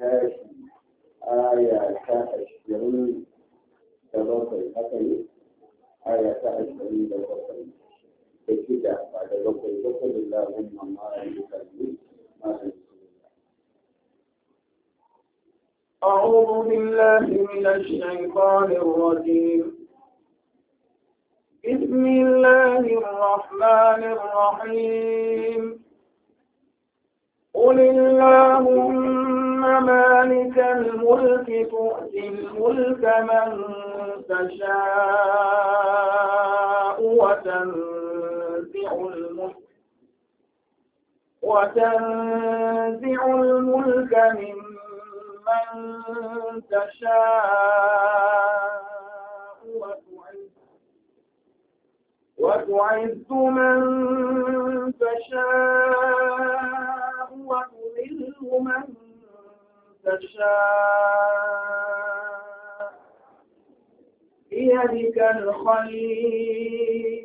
tashi aya ta ashirin da bakwai haka ne aya ta ashirin da bakwai da shida ba da bakwai bakwai da lahun mamara da kalli masu أعوذ بالله من الشيطان الرجيم بسم الله الرحمن الرحيم قل اللهم مالك الملك تؤتي الملك من تشاء وتنزع الملك وتنزع الملك ممن تشاء وتعز من تشاء وتذل من تشاء بيدك الخير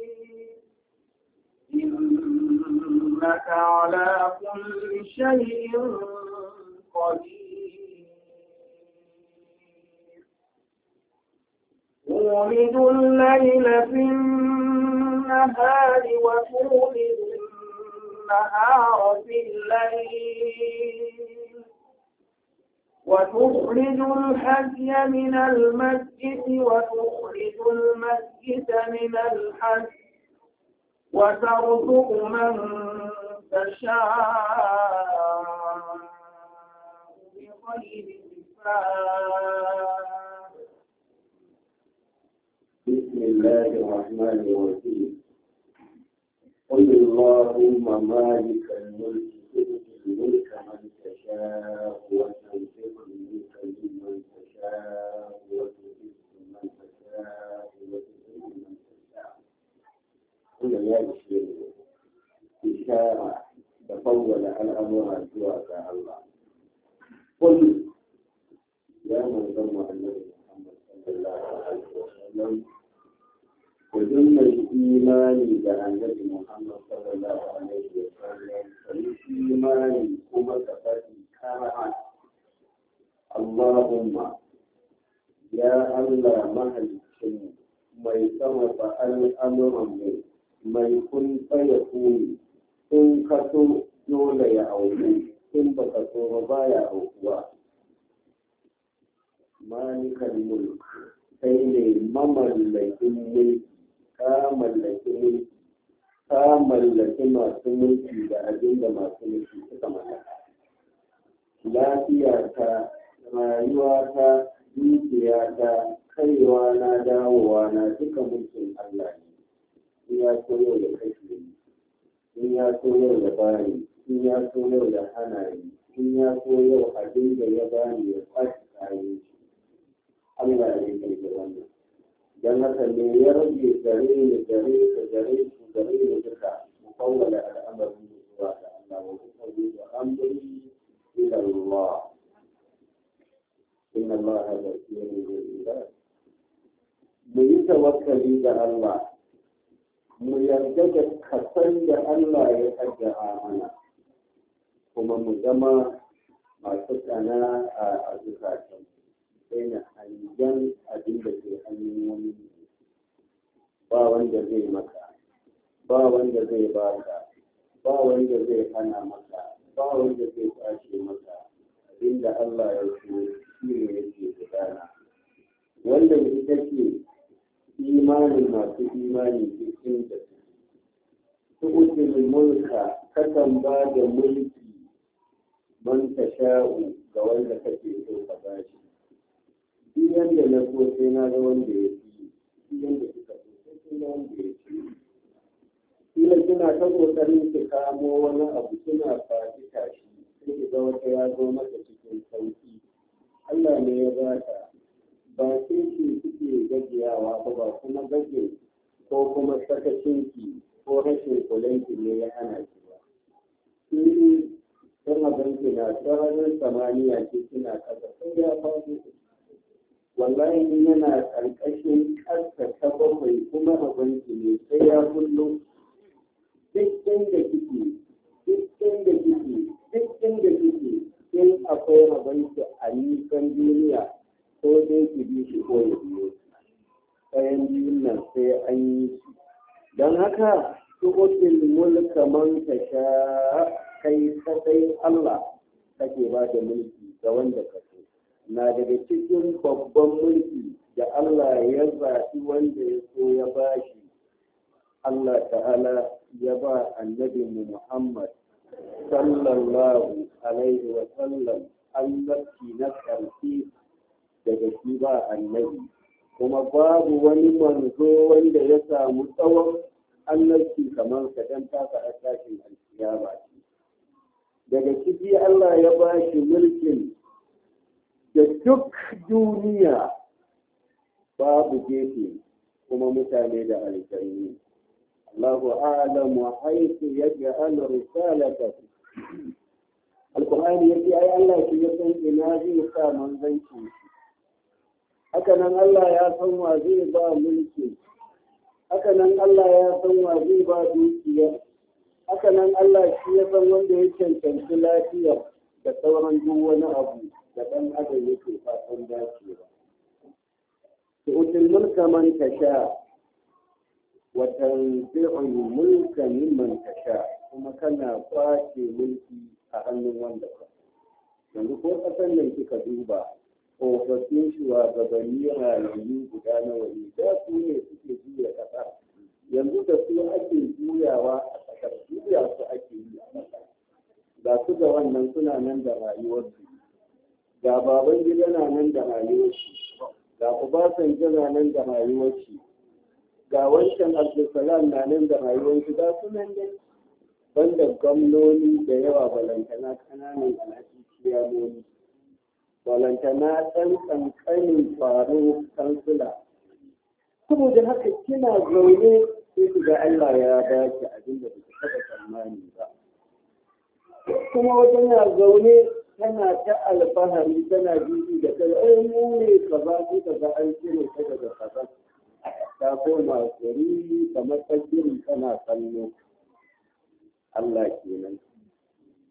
إنك على كل شيء قدير أولد الليل في النهار وتولد النهار في الليل وتخرج الحي من المسجد وتخرج المسجد من الحي وترزق من تشاء بغير حساب بسم الله الرحمن الرحيم قل اللهم مالك الملك wanda zai ba ka ba wanda zai hana maka ba wanda zai kwace maka inda Allah ya so shi ne yake gudana wannan ita ce imani masu imani cikin da su utul mulka kakan ba da mulki man ta sha'u ga wanda kake so ka ba shi duk yadda na so sai na ga wanda ya fi duk yadda suka so sai na wanda ya fi kila kina ta kokarin ki kamo wani abu kina faɗi tashi sai ki ga wata ya zo maka cikin sauki Allah ne ya ba ta ba sai ki kike gajiyawa ba ba kuma gaje ko kuma sakacin ki ko rashin kulan ki ne ya hana ki ba in na ganki na sararin samaniya ki kina kasa sai ya faɗi wallahi yana ƙarƙashin ƙasa ta bakwai kuma abinci ne sai ya kullum duk da kike duk kike kike in akwai rabonki a nisan duniya ko dai ki bi shi ko ya biyo ɗayan biyun nan sai an yi shi don haka tuhutul mulka man ka sha kai kadai Allah kake ba da mulki ga wanda ka so na daga cikin babban mulki da Allah ya zaɓi wanda ya so ya bashi Allah ta'ala ya ba annabi Muhammad sallallahu alaihi wa sallam annabci na ƙarfi daga shi ba annabi kuma babu wani manzo wanda ya samu tsawon annabci kamar ka dan ta faɗa tashin alkiyama daga ciki Allah ya ba shi mulkin da duk duniya babu gefe kuma mutane da alƙarni الله أعلم حيث يجعل رسالته القرآن يجي أي الله ya san wa zai ba mulki hakanan Allah ya san zai ba dukiya hakanan Allah shi ya san wanda ya cancanci lafiya da sauran duwani abu da ɗan adam yake fatan dacewa. Tu'utul mulka man tasha wa tanzi'ul mulka mimman tasha kuma kana kwace mulki a hannun wanda ka yanzu ko kasan nan kika duba tsofaffin shugabanni rayu guda nawa ne da su ne suke juya ƙasa yanzu da su ake juyawa a ƙasar juya su ake yi a ƙasar su ga wannan suna nan da rayuwarsu ga baban gida na nan da rayuwarsu ga ubasan gida nan da rayuwarsu ga wancan abdulsalam na nan da rayuwar su ga su nan dai banda gwamnoni da yawa balantana kananan alhaji ciyamomi balantana ɗan ƙanƙanin faro kansula saboda haka kina zaune sai ki ga Allah ya dace abin da baki taɓa tsammani ba kuma wata na zaune tana ta alfahari tana bibi da kai ai mu ne kaza ko kaza an cire ta daga kaza ta koma gari da tsagirin tana kallo Allah kenan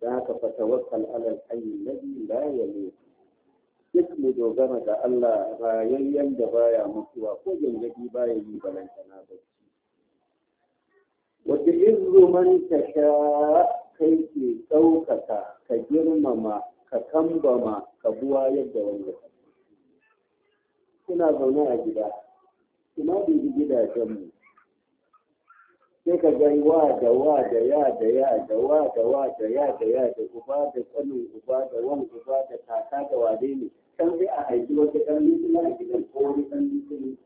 za ka fa tawakkal ala alhayy alladhi la yamut duk mu dogara da Allah rayayyen da baya mutuwa ko ba baya yi balantana ba. wata izu man ta sha kai ke ɗaukaka ka girmama ka kambama ka buwa yadda wanda kuna zaune a gida kuma dubi gidajenmu sai ka gani wa da wa da ya da ya da wa da wa da ya da ya da uba da tsanin uba da wan uba da kaka da wade ne kan sai a haifi wata kan mutuna a gidan ko wani ɗan mutuna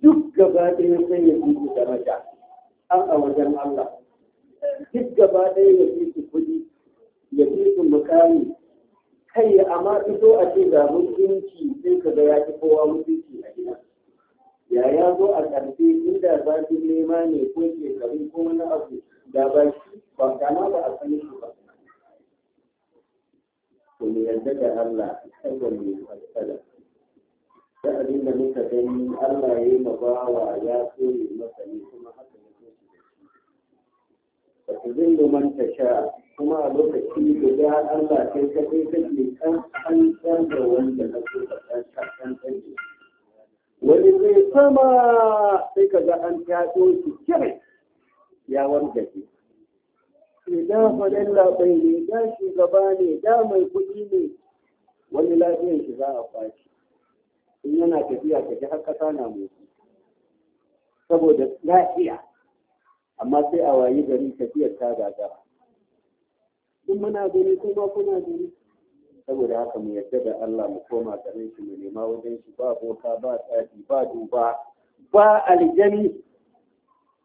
duk gaba ɗaya sai ya fi su mata, an a wajen Allah duk gaba ɗaya ya fi su kuɗi ya fi su mukami kai amma fito a ce ga mutunci sai ka ga ya fi kowa mutunci a gidan ya ya zo a ƙarfi inda zafin nema ne ko shekaru ko wani abu da ba shi ba kana ba a sani shi ba to mu yarda da Allah saboda mu fassara da abin da muka gani Allah ya yi mabawa ya so masa ne kuma haka ya shi ba ku zin man ta sha kuma a lokaci guda Allah sai ka kai kake kan an da wanda na so ka wani zai sama sai ka ga an taso shi kirai ya wargaje ne da faɗin labai ne da shugaba ne da mai kuɗi ne wani lafiyar shi za a kwashi in yana tafiya ka ji haka sana na motsi saboda lafiya amma sai a wayi gari tafiyar ta gagara in muna gani kuma kuna gani saboda haka mu yarda da Allah mu koma garin shi mu nema wajen shi ba boka ba tsafi ba duba ba aljani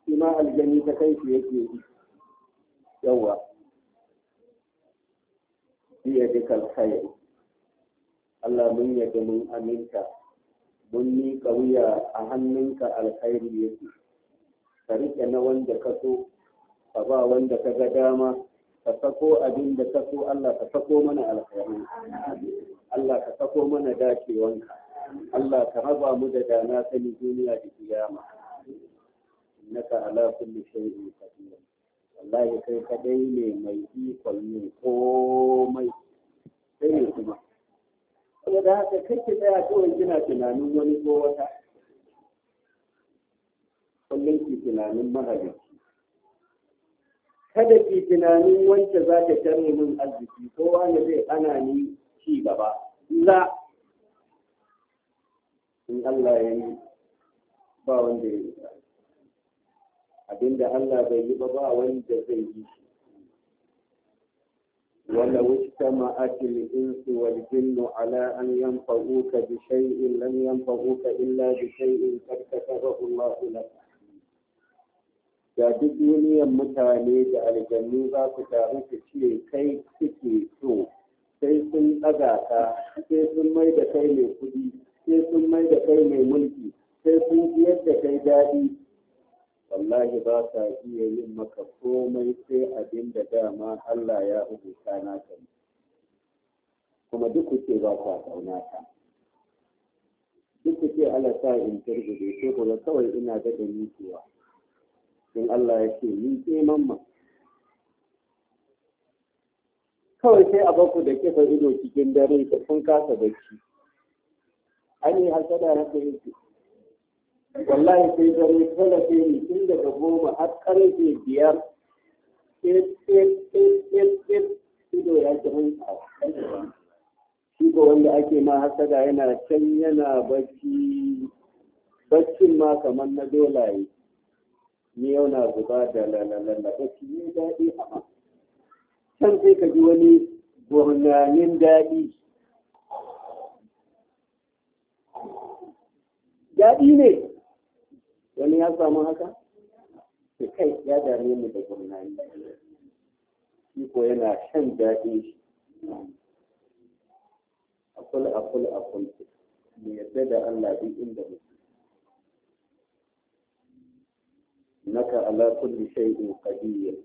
ima aljani ta kai shi yake yi yawa biya dukkan khair Allah mun yarda mun aminta mun ni wuya a hannunka alkhairi yake ka riƙe na wanda ka so ka ba wanda ka ga dama ka sako abin da ka so Allah ka sako mana alkhairi Allah ka sako mana dacewanka Allah ka raba mu da dana sani duniya da kiyama innaka ala kulli shay'in qadir wallahi kai kadai ne mai ikon ne komai sai ne kuma saboda haka kai ki tsaya kawai kina tunanin wani ko wata kullum ki tunanin mahalicci kada ki tunanin wance za ta tare min arziki ko wani zai ana ni ci gaba la in Allah ya yi ba wanda ya yi abinda Allah bai yi ba ba wanda zai yi shi wala واجتمعت الإنس والجن على أن ينفعوك بشيء لم ينفعوك da duk duniyar mutane da aljannu za su taru su ce kai suke so sai sun ɗaga ka sai sun mai da kai mai kuɗi sai sun mai da kai mai mulki sai sun biyar da kai daɗi wallahi ba sa iya yin maka komai sai abin da dama Allah ya rubuta naka kuma duk kuke ba ka kauna ta duk kuke Allah sa in turbe sai kawai ina da kuwa in Allah ya ce ni ce mamma. kawai sai a baku da kifa ido cikin dare da kun kasa bacci an yi hasada na kai wallahi sai dare kala sai ni tun daga goma har karfe biyar ido ya ci hanta shi ga wanda ake ma hasada yana can yana bacci baccin ma kamar na dolaye ni yau na zuba da lalalaba shi yi daɗi a ma can sai ka ji wani gurnanin daɗi daɗi ne wani ya samu haka Ka kai ya dame mu da gurnani shi ko yana shan daɗi shi akul akul akul mu yadda da Allah duk inda mutum Naka ala kulli shay'in qadir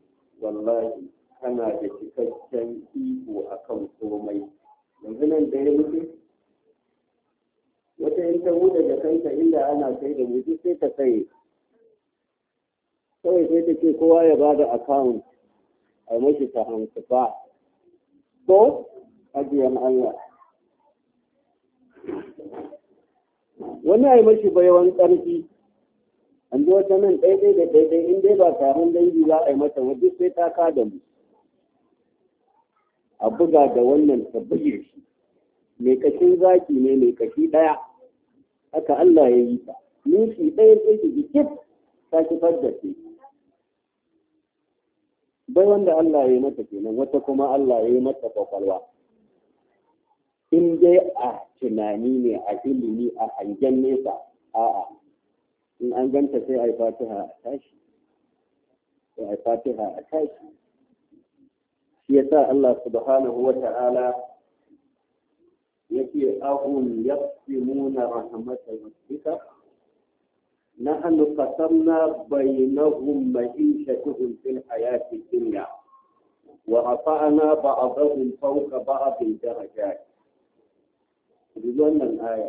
wallahi kana da cikakken iko akan komai yanzu nan da ya mutu wata in ta huda da kanta inda ana sai da mutu sai ta tsaye kawai sai ta ce kowa ya ba da akawun a mashi ta hansu ba ko ajiyan Allah wani a mashi baiwan ƙarfi an zo wata nan ɗaiɗai da ɗaiɗai in dai ba taron dangi za a yi mata wajen sai ta ka da mu a buga da wannan ta shi mai kashin zaki ne mai kashi ɗaya haka Allah ya yi ta nufi ɗaya sai ki jikit ta ki fadda ce bai wanda Allah ya yi mata kenan wata kuma Allah ya yi mata kwakwalwa in dai a tunani ne a ilimi a hangen nesa a'a in an ganta sai a yi fatiha a tashi sai a yi fatiha a tashi shi ya sa Allah subhanahu wa ta'ala yake ahun yaqsimuna rahmatal rabbika nahnu qasamna bainahum ma'ishatuhum fil hayati dunya wa rafa'na ba'dahum fawqa ba'dil darajat nan aya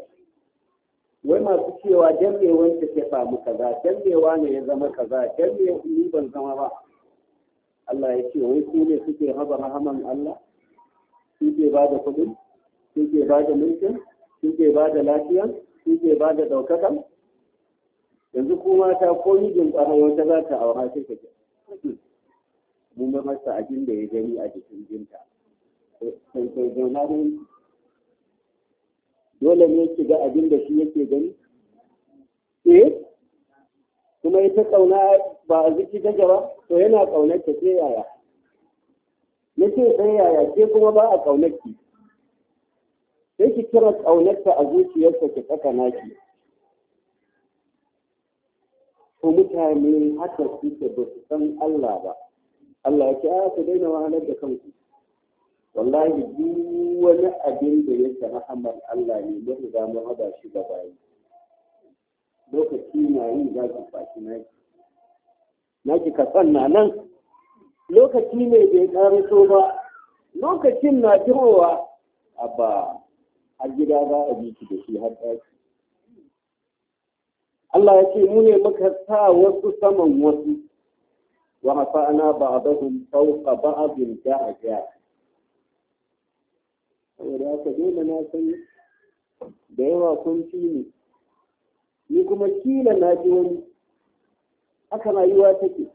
wai masu cewa dan wanda ta samu kaza dan me wane ya zama kaza dan ni ban zama ba Allah ya ce wai ku ne suke haba rahaman Allah suke ba da kuɗi suke ba da mulkin suke ba da lafiya suke ba da ɗaukaka yanzu kuma ta ko mijin ƙwarai wata za ta aura sai ta ce mun masa abin da ya gani a jikin jinta sai sai dole ne ki ga abin da shi yake gani eh kuma ita kauna ba a ziki ta gaba to yana kaunar ta sai yaya ce sai yaya ke kuma ba a kaunar ki sai ki kira kaunar ta a zuciyarsa ki tsaka naki ko mutane haka suke ba su san Allah ba Allah ya ce a ah, ku daina wahalar da kanku wallahi duk wani abin da ya yake rahamar Allah ne ya riga mu haɗa shi da bayi lokaci na yi za ki fashi Na ki ka sanna nan lokaci ne bai karaso ba lokacin na jirowa abba har gida za a bi ki da shi har ɗaki Allah ya ce mu ne muka sa wasu saman wasu wa hafa'ana ba'dahum fawqa ba'din a jiya. saboda haka dole na san da yawa kun fi ni ni kuma kila na ji wani haka rayuwa take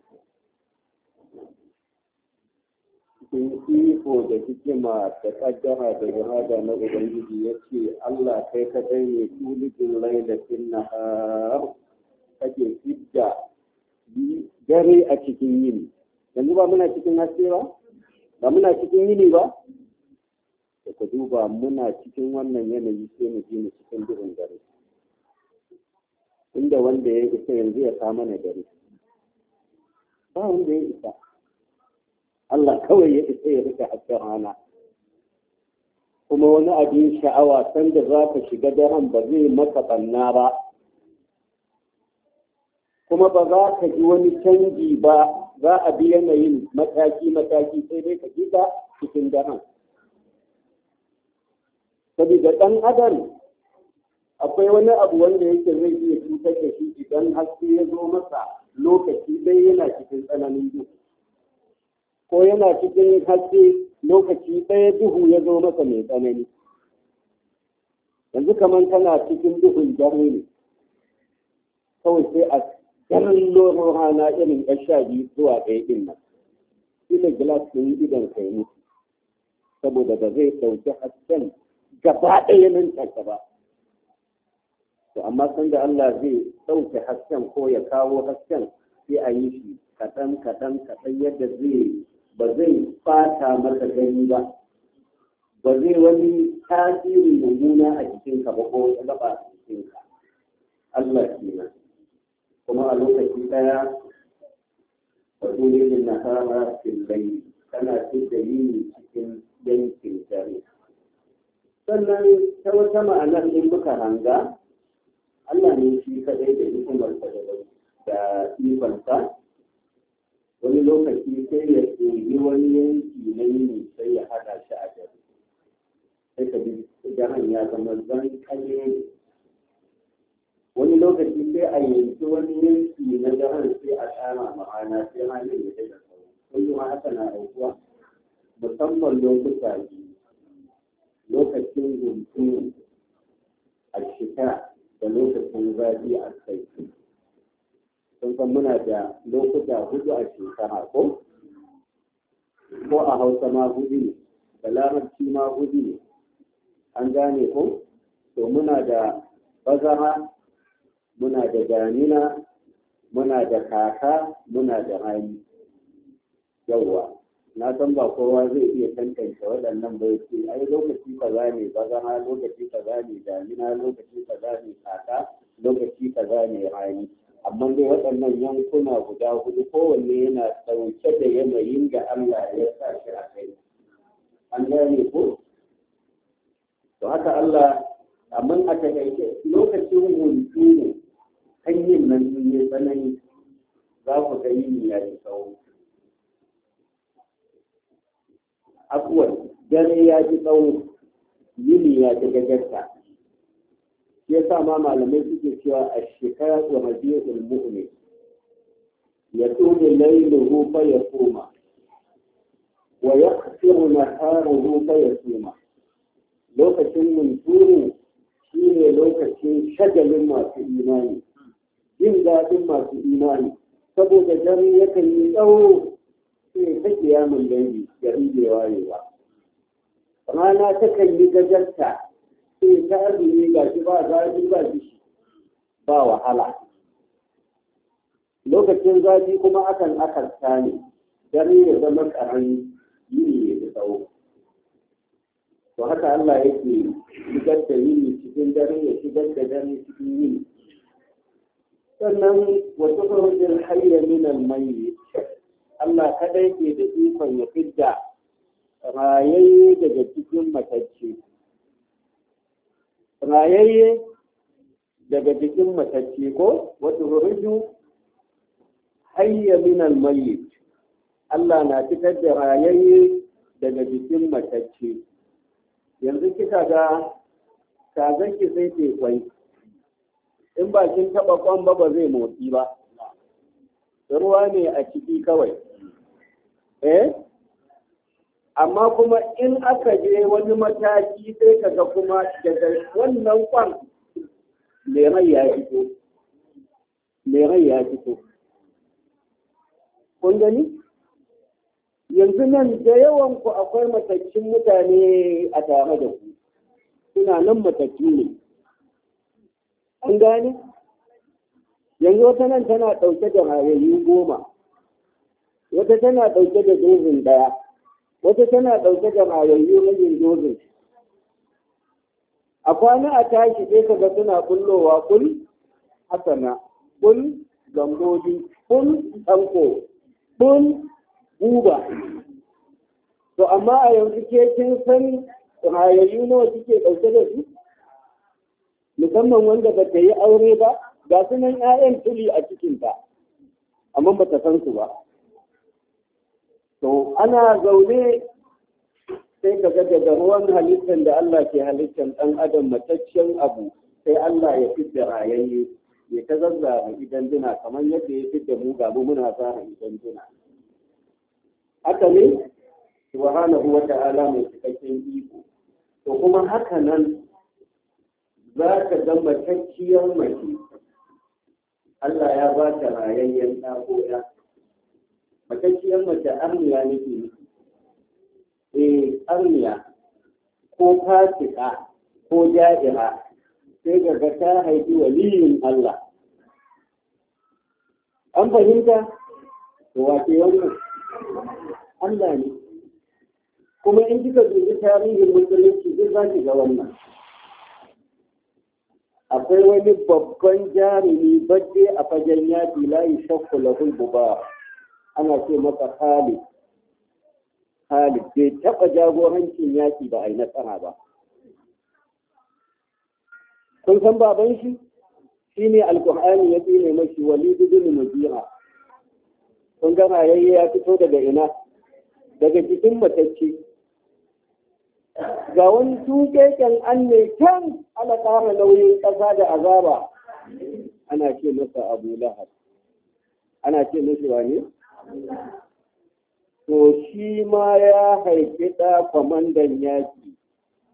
cikin iko da hikima da kaddara da jihada na ubangiji ya ce allah kai ka kadai ne tulijin lailatin nahar kake fidda dare a cikin yini yanzu ba muna cikin haske ba ba muna cikin yini ba Ka ku duba muna cikin wannan yanayi sai mu ji mu cikin duhun dare inda wanda ya isa yanzu ya sa mana dare ba wanda ya isa Allah kawai ya isa ya rika hasken rana kuma wani abin sha'awa sanda za ka shiga daren ba zai maka banna ba kuma ba za ka ji wani canji ba za a bi yanayin mataki-mataki sai dai ka ji cikin daren saboda ɗan adam akwai wani abu wanda yake zai iya cutar da shi idan haske ya zo masa lokaci dai yana cikin tsananin duhu ko yana cikin haske lokaci ɗaya duhu ya zo masa mai tsanani yanzu kamar tana cikin duhun dare ne kawai sai a ɗan lorin rana irin ɗan sha biyu zuwa ɗaya ɗin nan ina gilas ɗin idan kai mutu saboda ba zai ɗauki hasken gaba ɗaya nan take ba to amma san da Allah zai ɗauke hasken ko ya kawo hasken sai a yi shi kaɗan kaɗan kaɗan yadda zai ba zai fata maka gani ba ba zai wani tasiri mummuna a jikinka ba ko ya gaba a jikinka Allah na. kuma a lokaci ɗaya wato ne na fara filai kana cikin dalili cikin yankin dare sannan ta wata ma'anar in muka hanga Allah ne shi kaɗai da hikimarsa da ikonsa wani lokaci sai ya tsoyi wani yanki na yini sai ya haɗa shi a gari sai ka bi jahan ya zama zan kalle wani lokaci sai a yanki wani yanki na jahan sai a tsara ma'ana sai hannun ya ta da sauri kullum haka na aukuwa musamman lokuta biyu lokacin hunturu a shekara da lokacin zafi a kai sun san muna da lokuta hudu a shekara ko ko a hausa ma hudu ne da larabci ma hudu ne an gane ko to muna da bazara muna da damina muna da kaka muna da rani yauwa na san ba kowa zai iya tantance waɗannan bai ce ai lokaci ka za ne bazara lokaci ka za ne damina lokaci ka za ne kaka lokaci ka za ne rani amma dai waɗannan yankuna guda hudu kowanne yana ɗauke da yanayin da Allah ya sa shi a kai an gane ko to haka Allah amma a taƙaice. lokacin hunturu hanyar nan ne tsanani za ku ga yini ya yi tsawo abuwar dare ya ji tsawo yini ya ji gajarta ya sa ma malamai suke cewa a shekara wa majiyar mu'min ya tuni lailuhu fa ya koma wa ya kasiru na haruhu fa ya koma? lokacin munturu shi ne lokacin shagalin masu imani jin daɗin masu imani saboda dare yakan yi tsawo sai ta kiyamun dangi gari rana takan yi gajarta sai ta azumi ga shi ba zafi ba shi ba wahala lokacin zafi kuma akan akarta ne dare ya zama karan yini ne da tsawo to haka Allah yake shigar da yini cikin dare ya shigar da dare cikin yini sannan wata farajin hayya min al-mayyit Allah kadai ke da ikon ya fidda rayayye daga cikin matacce rayayye daga cikin matacce ko wata hurju hayya min al-mayyit Allah na fitar da rayayye daga jikin matacce yanzu kika ga kazanki sai ke kwai in ba kin taba kwan ba ba zai motsi ba ruwa ne a ciki kawai eh amma kuma in aka je wani mataki sai kaga kuma daga wannan kwan lerai ya fito lerai ya fito kun gani yanzu nan da yawan ku akwai matakin mutane a tare da ku suna nan mataki ne kun gani yanzu wata nan tana ɗauke da rayayyu goma wata tana ɗauke da dozin ɗaya wata tana ɗauke da rayayyu yin dozin a kwana a tashi sai kaga suna kullowa kul Asana, kul gambobi kul ɗanko kul guba to amma a yanzu ke kin san rayayyu nawa kike ɗauke da su musamman wanda ba ta yi aure ba ga sunan 'ya'yan tuli a cikinta amma ba ta san su ba to ana zaune sai ka ga daga ruwan halittar da Allah ke halittar ɗan adam mataccen abu sai Allah ya da rayayye ya ta zazzara idan duna kamar yadda ya da mu gabu muna zara idan duna haka ne subhanahu wa ta'ala mai cikakken iko to kuma haka nan za ka ga mataccen mace Allah ya ba ta rayayyen ɗa ko matakkiyar mace arniya nake nufi eh arniya ko fasika ko ja'ira sai ga ta haifi waliyin Allah an fahimta to wace wannan Allah ne kuma in kika dubi tarihin musulunci zai za ki ga wannan akwai wani babban jarumi bacci a fagen yaƙi layi shakku lahul buba ana ce masa Khalid Khalid bai taɓa jagorancin yaƙi ba a yi nasara ba kun san baban shi shi ne alƙur'ani ya tsine mashi walidu bin jira. kun gana rayayye ya fito daga ina daga jikin matacce ga wani tukeken an ne can ana ƙara nauyin ƙasa da azaba ana ce masa abu lahab ana ce mashi wane to shi ma ya haifi ɗa kwamandan yaƙi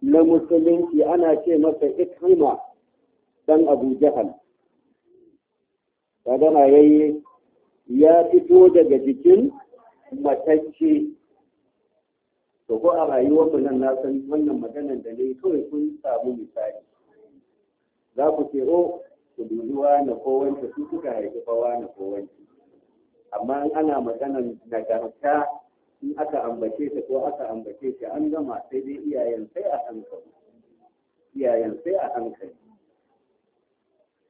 na musulunci ana ce masa ikrima ɗan abu jahal na yayi ya fito daga jikin matacce to ko a rayuwarku nan na san wannan maganar da ne kawai kun samu misali za ku ce o oh, ku dubi wani ko wanda su suka haifi fa wani ko wanda amma ana ana na nagarta in aka ambace ta ko aka ambace ta an gama sai dai iyayen sai a hankali iyayen sai a hankali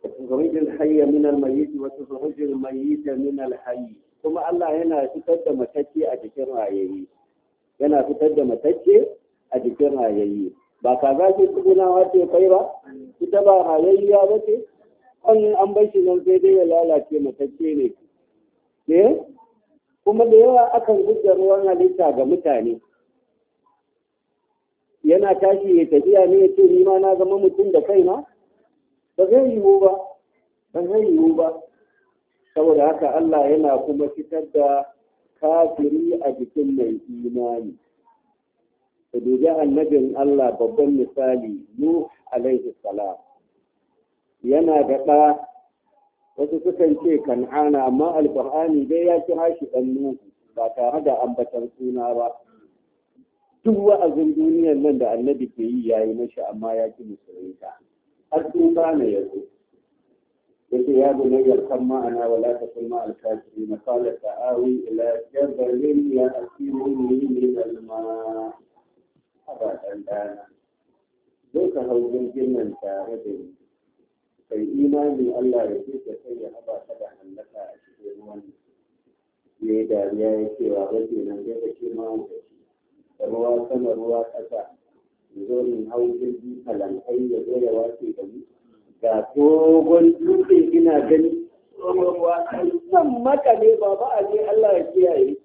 تخرج الحي من الميت وتخرج الميت من الحي kuma Allah yana fitar da matacce a cikin rayayi yana fitar da matacce a cikin rayayi ba ka za ki wace ce kai ba ita ba rayayya ba ce an an bar shi nan sai dai ya lalace matacce ne kuma da yawa akan gudda ruwan halitta ga mutane yana tashi ya tafiya ne ya ce ni ma na zama mutum da kaina ba zai yiwu ba ba zai yiwu ba saboda haka Allah yana kuma fitar da kafiri a jikin mai imani da dubi annabin Allah babban misali Nuh alaihi salam yana da wasu sukan ce kan'ana amma alkur'ani dai ya kira shi dan nuhu ba tare da ambatan suna ba duk wa'azin duniyar nan da annabi ke yi ya yi mashi amma ya ki musulunta har tuba ne ya zo yake ya na yarkan ma'ana wala ta kuma alkafiri na kala ta'awi ila jabalin ya asiru ni min alma haba dan dana zo ka hau jirgin nan tare da ni kai imani Allah ya ce ka kai ya haba ta da hallaka a cikin ruwan ne dariya ya ce wa ba kenan sai ka ce ma da ruwa sama ruwa ƙasa in zo min hau jirgi kalankai ya zo ya wace da mu ga dogon dutse ina gani san maka ne ba ba a ne Allah ya kiyaye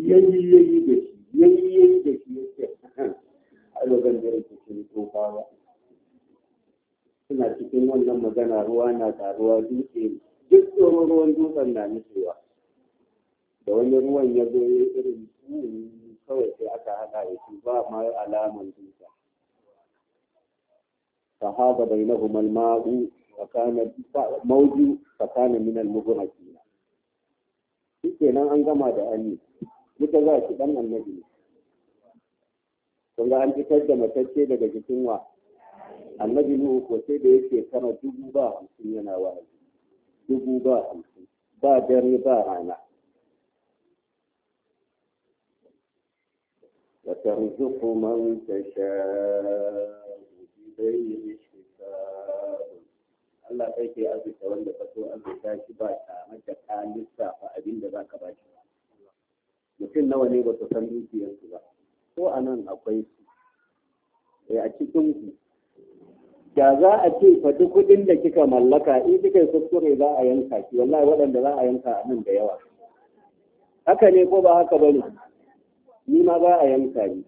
yayi yayi da shi yayi yayi da shi ya ce a lokacin da yake ko ba suna cikin wannan magana ruwa na taruwa dutse duk tsoron ruwan dutsen na nufewa da wani ruwan ya zo ya irin kawai sai aka haɗa ya ce ba ma alaman dutse haɗa bai na humal ma'u mauju tsakanin minal na. shi kenan an gama da anni duka za ki ɗan annabi kun ga an fitar da matacce daga jikin wa annabi nuhu ko sai da yake kana dubu ba hamsin yana wa'azi dubu ba hamsin ba dare ba rana وترزق من تشاء بغير حساب Allah sai ke azurta wanda ka so azurta shi ba tare da ka lissafa abin da za ka ba shi ba. Mutum nawa ne ba su san dukiyarsu ba. Ko a nan akwai su. a cikin ku da za a ce faɗi kuɗin da kika mallaka in kika kuskure za a yanka ki wallahi waɗanda za a yanka a nan da yawa haka ne ko ba haka ba ne ni ma ba a yanka ni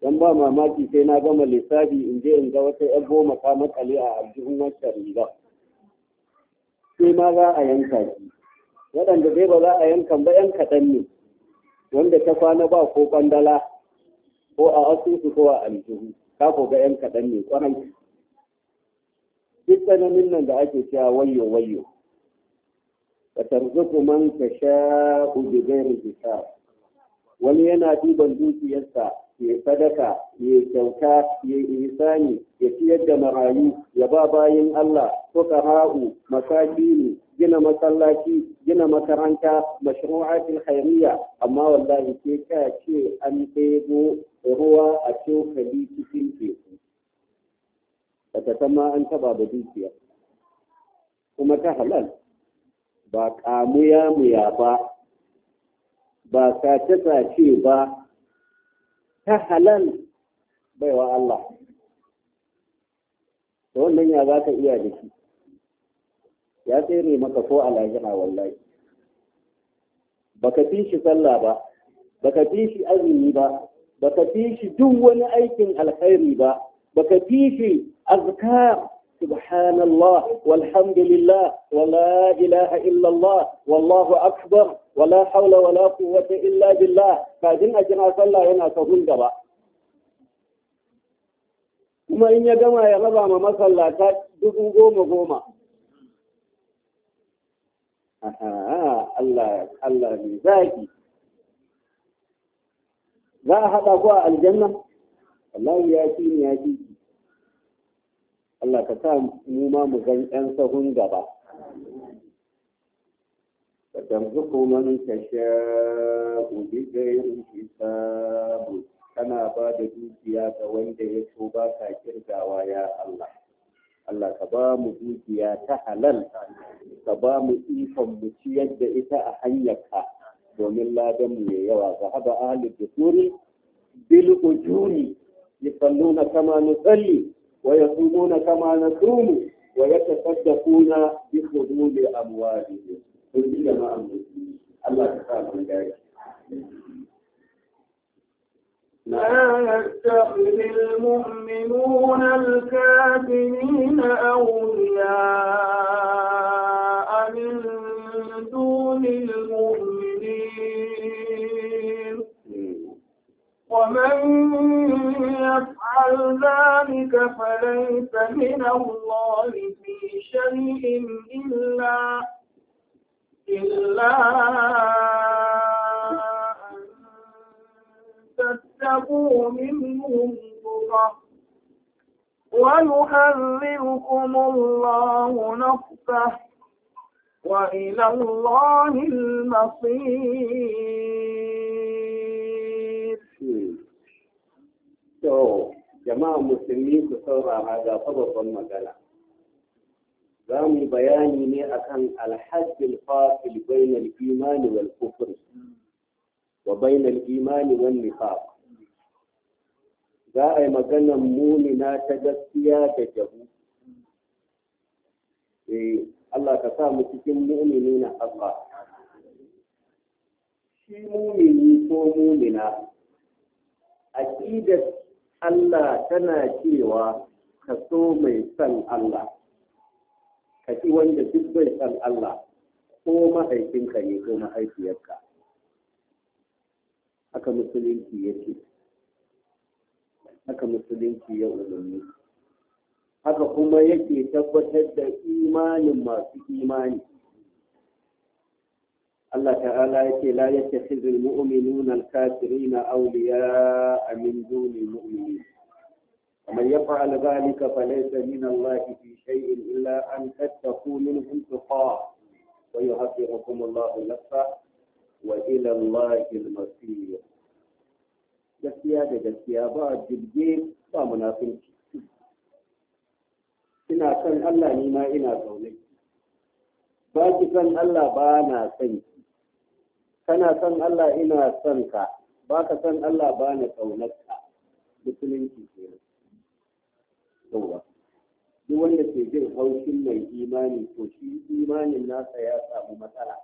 dan ba mamaki sai na gama lissafi in je in ga wata yar goma ta makale a aljihun wancan riga sai ma za a yanka ki waɗanda dai ba za a yanka ba yan kaɗan ne wanda ta kwana ba ko kwandala ko a asusu ko a aljihu ka ko ga yan kaɗan ne kwarai duk tsananin nan da ake cewa wayo wayo ka tarzuku man ka sha ubi gairin wani yana duban dukiyarsa ya sadaka ya kyauta ya isani ya ciyar da marayu ya ba bayan Allah fuqara'u masakini gina masallaci gina makaranta mashru'atul khairiyya amma wallahi ke ka ce an ɗebo ruwa a cokali cikin teku daga sama an taba da dukiya kuma ta halal ba kamuya muya ba ba sace-sace ba ta halal baiwa Allah Ta wannan ya za ka iya da shi ya tsere maka ko alajina wallahi baka fi shi sallah ba baka fi shi azumi ba baka fi shi duk wani aikin alkhairi ba baka fi shi azkar subhanallah walhamdulillah wala ilaha illallah wallahu akbar wala haula wala quwwata illa billah kajin a jira sallah yana sahun gaba kuma in ya gama ya raba ma masallata dubu goma goma Allah Allah ne zaki za a haɗa ku a aljanna Allah ya ci ni ya ci Allah ka sa mu ma mu gan ɗan sahun gaba فترزق من تشاء بغير حساب kana ba da dukiya ga wanda ya so ba ka kirgawa ya Allah. Allah ka ba mu dukiya ta halal, ka ba mu ikon mu ciyar da ita a hanyar ka. domin ladan mu yawa sahaba ahli dukuri bil ujuri yusalluna kama nusalli wa yasumuna kama nasumu wa yatasaddaquna bi khududi amwalihim kun ji jama'a musulmi Allah ka sa mu gari لا يتخذ المؤمنون الكافرين أولياء من دون المؤمنين ومن يفعل ذلك فليس من الله في شيء إلا إلا أن تتقوا منهم ضرر ويحذركم الله نفسه وإلى الله المصير jama'a musulmi ku saurara ga babban magana za mu bayani ne akan alhajjil fasil bainal imani wal kufri wa bainal imani wal nifaq za a yi maganan mumina ta gaskiya da jahu eh Allah ka sa mu cikin mu'mini na haka shi mumini ko mumina aqidar Allah tana cewa ka so mai san Allah ka ci wanda duk bai san Allah ko mahaifinka ne ko mahaifiyarka haka musulunci ce, haka musulunci ya umarni haka kuma yake tabbatar da imanin masu imani الله تعالى لا يتخذ المؤمنون الكافرين أولياء من دون المؤمنين ومن يفعل ذلك فليس من الله في شيء إلا أن تتقوا منهم تقاة ويهفركم الله نفسا وإلى الله المصير جسيا جسيا بعد جبجين ومنافين إنا كان الله نيما إنا كونك باجي كان الله بانا سنك kana son Allah ina son ka ba ka son Allah ba na kaunar musulunci ke yawa duk wanda ke jin haushin mai imani to shi imanin nasa ya samu matsala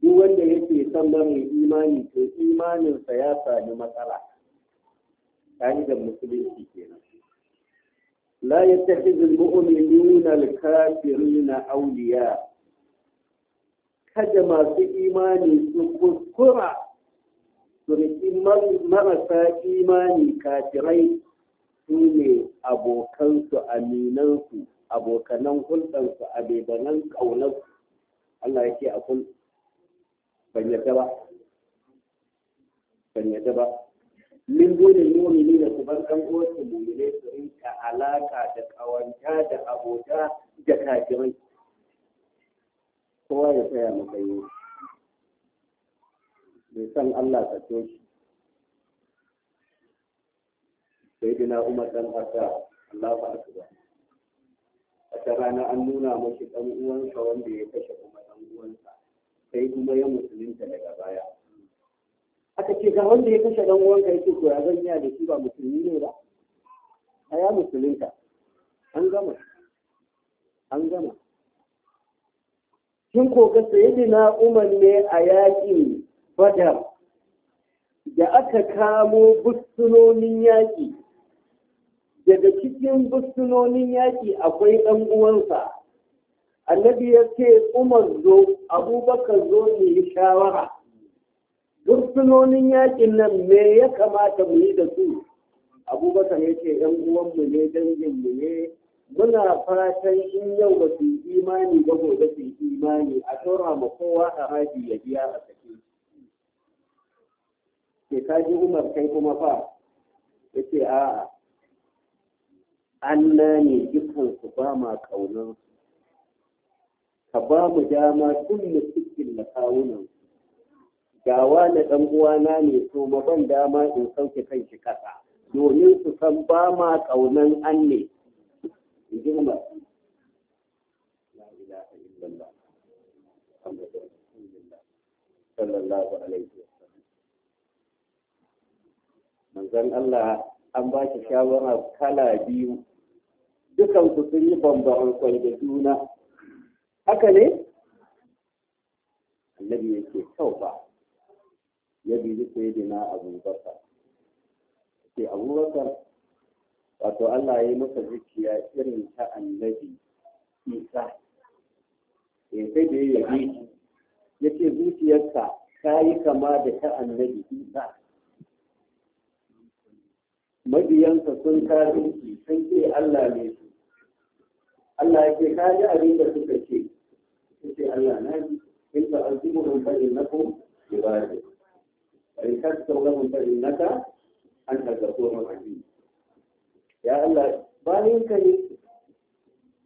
duk wanda yake son mai imani to imaninsa ya samu matsala da musulunci kenan لا يتخذ المؤمنون الكافرين أولياء kada masu imani su kuskura su riƙi marasa imani kafirai su ne abokansu aminansu abokanan hulɗansu abebanan ƙaunarsu Allah ya ce a kun ban yarda ba ban yarda ba min dole mu'mini da su bar ɗan uwansu mu'minai su rinka alaƙa da ƙawanta da abota da kafirai kowa ya tsaya matsayi bai san Allah ka shi sai dina Umar dan su ba a wata rana an nuna mashi dan uwansa wanda ya kashe kuma dan uwansa sai kuma ya musulunta daga baya aka ce ga wanda ya kashe dan uwanka yake ko ya iya da shi ba musulmi ne ba a ya musulunta an gama an gama kin koga sayyidina umar ne a yaƙin badar da aka kamo bustunonin yaƙi daga cikin bustunonin yaƙi akwai ɗan uwansa annabi ya ce umar zo abubakar zo ne yi shawara bursunonin yaƙin nan me ya kamata mu yi da su abubakar ya ce ‘yan uwanmu ne danginmu ne muna fatan in yau ba su imani ba gobe su imani a tura ma kowa haji ya biya a sake ke kaji umar kai kuma fa ya ce a'a Allah ne su ba ma ƙaunar ka ba mu dama tun mu cikin na kawunan gawa na ɗan uwana ne so ma ban dama in sauke kan shi kasa domin su san ba ma ƙaunan an ne Manzan Allah an ba shi shawara kala biyu dukan su sun yi bambaran kwai da juna haka ne annabi ya ce, kyau ba ya biyu sai dina abubakar Ke abubakar wato Allah ya yi masa zuciya irin ta annabi isa ya kai da ya yi ya ce zuciyarsa ta yi kama da ta annabi isa mabiyansa sun kafinci sun ce Allah ne su Allah ya ce ka ji abin da suka ce su ce Allah na ji in ta zubu hun fari na ko ibadu bari ka sauran hun fari na ka an ta zato mun azimu ya Allah bayan ka ne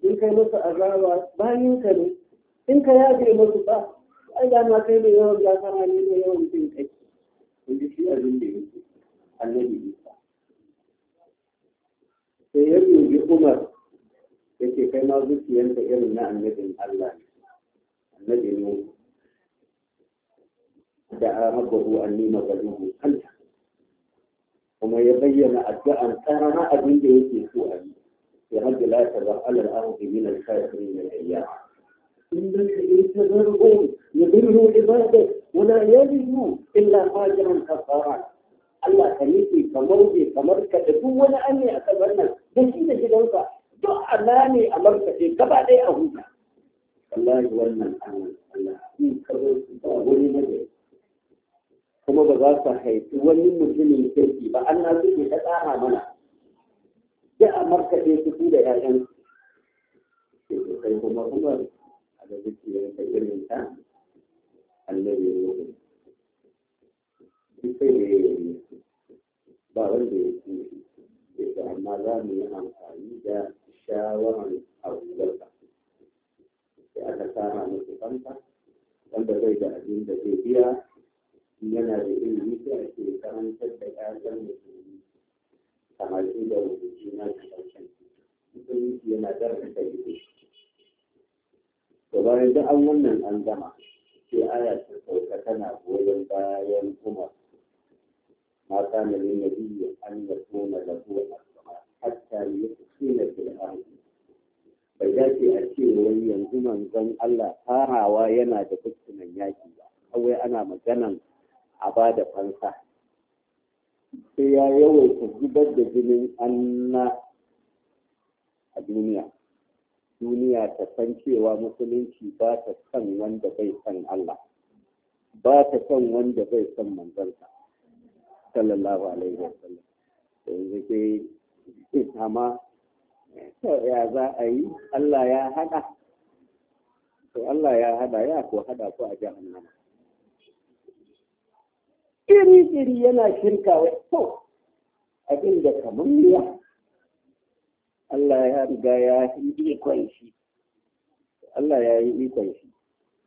in kai masa azawa bayan ka ne in ka yafe musu ba ai da ma kai da yawan ya fara ne da yawan jin kai in ji shi abin da yake annabi Isa sai ya yi Umar yake kai ma zuciyarka irin na annabin Allah ne annabi ne da amabahu annima galuhu kanta kuma ya bayyana addu'an tsarana abin da yake so a yi sai hajji la ta zan alal arzi min al kafirin min ayya in da ka yi ta zargo ya birru ibada wala yalihu illa fajiran kafara Allah ka nufi kamar ne kamar ka da duk wani an ne a kabar nan da shi da gidansa duk Allah ne a markaɗe gaba ɗaya a huta wallahi wannan Allah Allah in karo ba wani na gari kuma ba za su haifi wani mutumin kirki ba an na suke ta tsara mana da a markaɗe su su da ƴaƴan su kai kuma kuma a da zuciyar ta irin ta annabi ya yi sai da ya yi ba wanda ya ci yadda amma za mu yi amfani da shawarar abubuwarka sai aka tsara musu kanta wanda zai da abin da zai biya yana da ilimi sai a ke karantar da ƴaƴan musulmi kamar su da rubuci na kasashen musulunci yana darasa yi. to bayan duk an wannan an gama sai aya ta sauka tana goyon bayan umar Na kana lin biyu an yakuna lahu asma hatta yusina fil ardi bai dace a ce wani yanzu manzon Allah farawa yana da fuskunan yaki ba kawai ana maganan a ba da fansa sai ya yawaita zubar da jinin anna a duniya duniya ta san cewa musulunci ba ta san wanda bai san Allah ba ta san wanda bai san manzansa sallallahu alaihi wa sallam yanzu sai amma ya za a yi Allah ya hada to Allah ya hada ya ko hada ko a jahannama iri-iri yana shirka wa kyau abin da kamar ya Allah ya riga ya yi ikon shi Allah ya yi ikon shi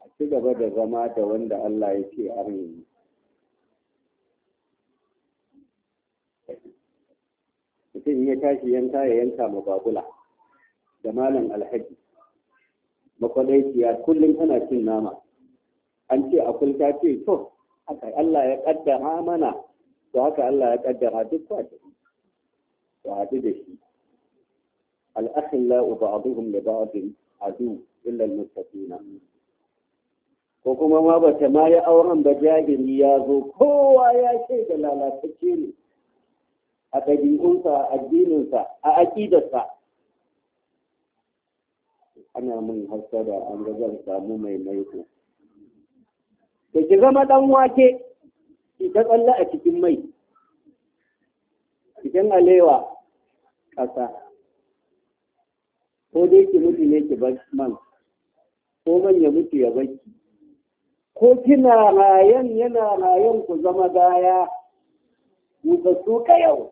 a ci gaba da zama da wanda Allah ya ce a rini mutum ya tashi yanka ya yanka ma babula da malam alhaji makwadaiciya kullum tana cin nama an ce akwai ta ce to haka Allah ya kaddara mana to haka Allah ya kaddara duk wata to hadu da shi al-akhillau ba'dhum li ba'dhin adu illa al-muttaqina ko kuma ma ba ta ma ya auren ba jahili ya zo kowa ya ce da lalatacce ne a ɗabi'unsa a addininsa a aƙidarsa ana min hassada an ga samu mai maiko da ki zama ɗan wake ki ta tsalle a cikin mai cikin alewa ƙasa ko dai ki mutu ne ki bar man ko man ya mutu ya ki ko kina rayan yana rayan ku zama gaya su ka yau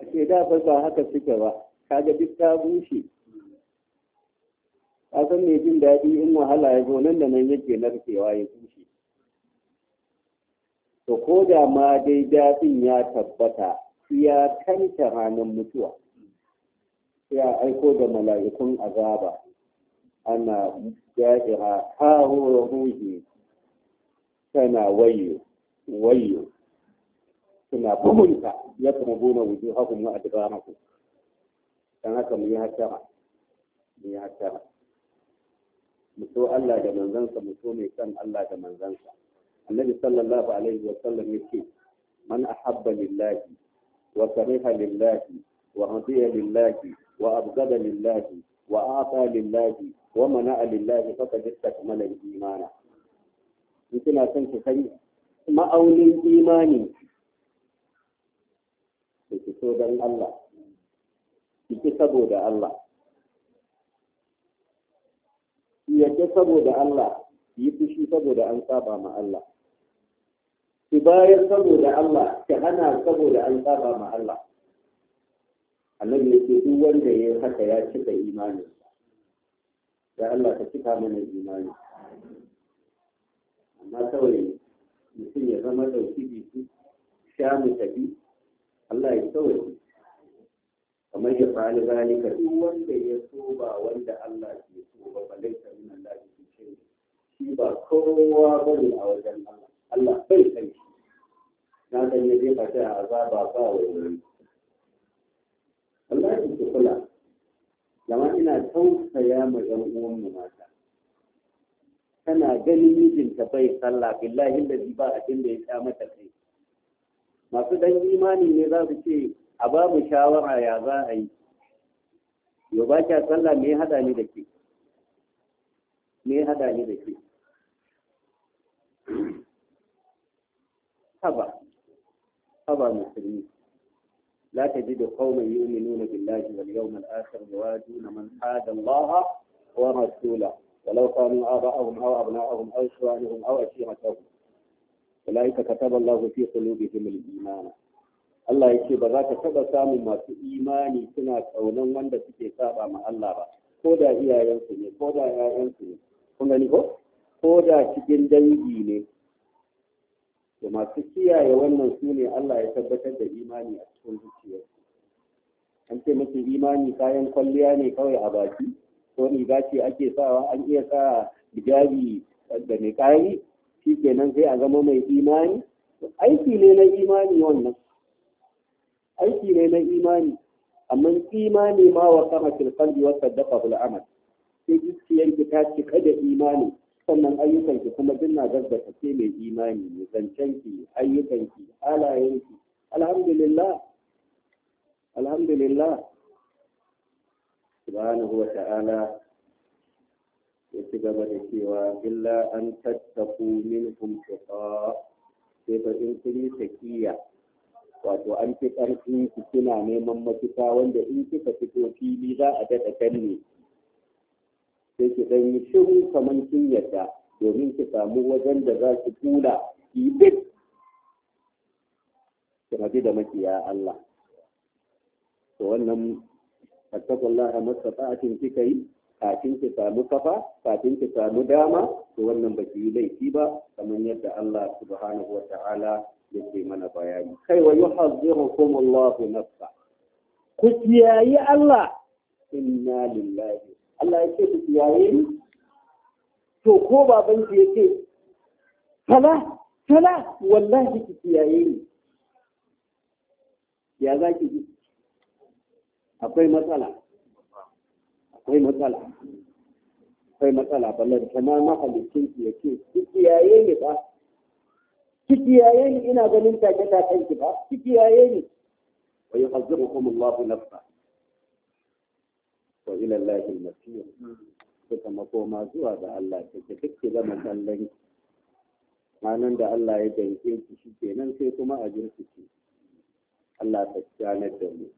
a ce da ba haka suke ba kaga duk ta bushe ka san mai jin daɗi in wahala ya zo nan da nan yake narkewa ya tushe to ko da ma dai daɗin ya tabbata ya kanta ranar mutuwa ya aiko da mala'ikun azaba ana jajira kawo ruhi tana wayo wayo suna bugunta ya kuma gona hakun wa adbarakum don haka mu yi hasara mu yi hasara mu Allah da manzansa muso mai son Allah da manzansa annabi sallallahu alaihi wa sallam yake man ahabba lillahi wa kariha lillahi wa hadiya lillahi wa abghada lillahi wa ata lillahi wa mana'a lillahi faqad istakmala al-imana in na son ki san ma'aunin imani ki so dan Allah ki saboda Allah yarda saboda Allah yi fushi saboda an saba ma Allah ki bayar saboda Allah ki hana saboda an saba ma Allah annabi yake duk wanda ya haka ya cika imani da Allah ka cika mana imani amma kawai mutum ya zama dauki biki sha mu tafi Allah ya kawai kamar ya fa'ali zalika duk wanda ya so ba wanda Allah ke so ba balaita min Allah ke ce shi ba kowa ba ne a wajen Allah Allah bai san shi na san ya jefa ta a azaba ba wani Allah ke kula zama ina tausaya ma uwan mu mata tana ganin mijinta bai sallah billahi da ba abin da ya sha mata kai masu dan imani ne za su ce a babu shawara ya za a yi yau ba kya sallah me hada ni da ke me hada ni da ke haba haba musulmi za ta ji da kawai yi ne nuna billahi wani yau mal asar da wadu na man hada laha wa rasula walau kanu a abu na ba'ahum aw abna'ahum aw shuwanihum ka ashiratahum ولئك كتب الله في قلوبهم الإيمان Allah ya ce ba za ka taɓa samun masu imani suna ƙaunan wanda suke saba ma Allah ba ko da iyayensu ne ko da 'ya'yansu ne kun gani ko ko da cikin dangi ne da masu kiyaye wannan su ne Allah ya tabbatar da imani a cikin zuciyarsu an ce mace imani kayan kwalliya ne kawai a baki ko ni ce ake sawa an iya sa hijabi da mai kayi shi kenan sai a zama mai imani aiki ne na imani wannan aiki ne na imani amma imani ma wa kama fil qalbi wa saddaqa bil amal sai ta cika da imani sannan ayyukanki kuma duk na gaggata ke mai imani ne ki, ayyukanki ki, alhamdulillah alhamdulillah subhanahu wa ta'ala ya ci gaba da cewa illa an tattaku minhum tuqa sai ba in kun yi takiya wato an fi ƙarfin su suna neman mafita wanda in kika fito fili za a daɗa kanne sai ki ɗan yi shiru kamar kin yadda domin ki samu wajen da za ki kula ki ki rabi da makiya Allah to wannan a mastata'atin kika yi kafin ki samu kafa kafin ki samu dama to wannan baki yi laifi ba kamar yadda Allah subhanahu wa ta'ala yake mana bayani kai wa yuhazzirukum Allah nafsa ku kiyayi Allah inna lillahi Allah yake ku kiyaye ni to ko baban ki yake sala sala wallahi ki kiyaye ni ya za ki ji akwai matsala akwai matsala akwai matsala ballar kana mahalicin ki yake ki kiyaye ni ba kiki yaye ni ina ganin take ta kanki ba kiki yaye ni wa yuhazzirukum Allah nafsa wa ila Allah al-masir suka makoma zuwa ga Allah take take zama kallon manan da Allah ya danke ki shi nan sai kuma a jirkice Allah ta tsanar da mu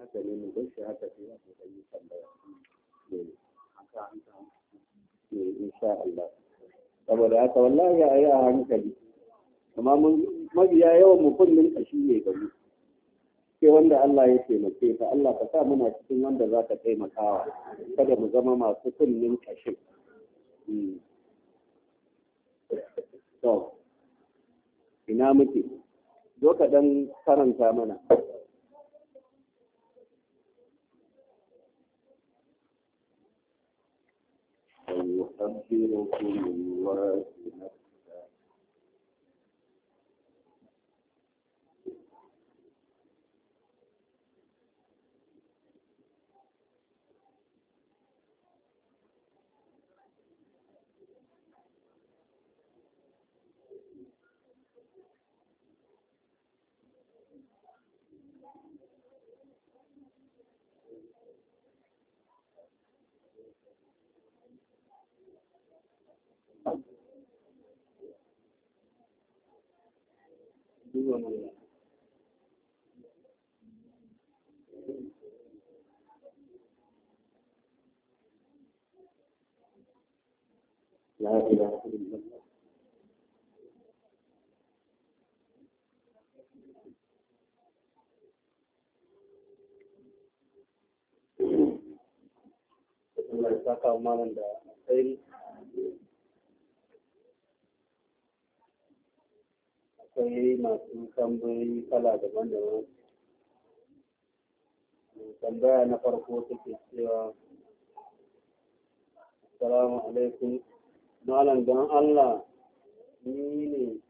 haka ne mu bar shi haka sai ya kai tambaya insha Allah saboda haka wallahi a yi a hankali amma mabiya yawan mu kullun kashi ne gari sai wanda Allah ya taimake ka Allah ka sa muna cikin wanda za ka taimakawa kada mu zama masu kunnin kashin hmm. to ina muke zo ka dan karanta mana يستغفر كل وقت لا إله إلا الله Allah ya saka malam da alkhairi akwai masu tambayoyi kala daban-daban tambaya na farko take cewa assalamu alaikum malam don allah ni ne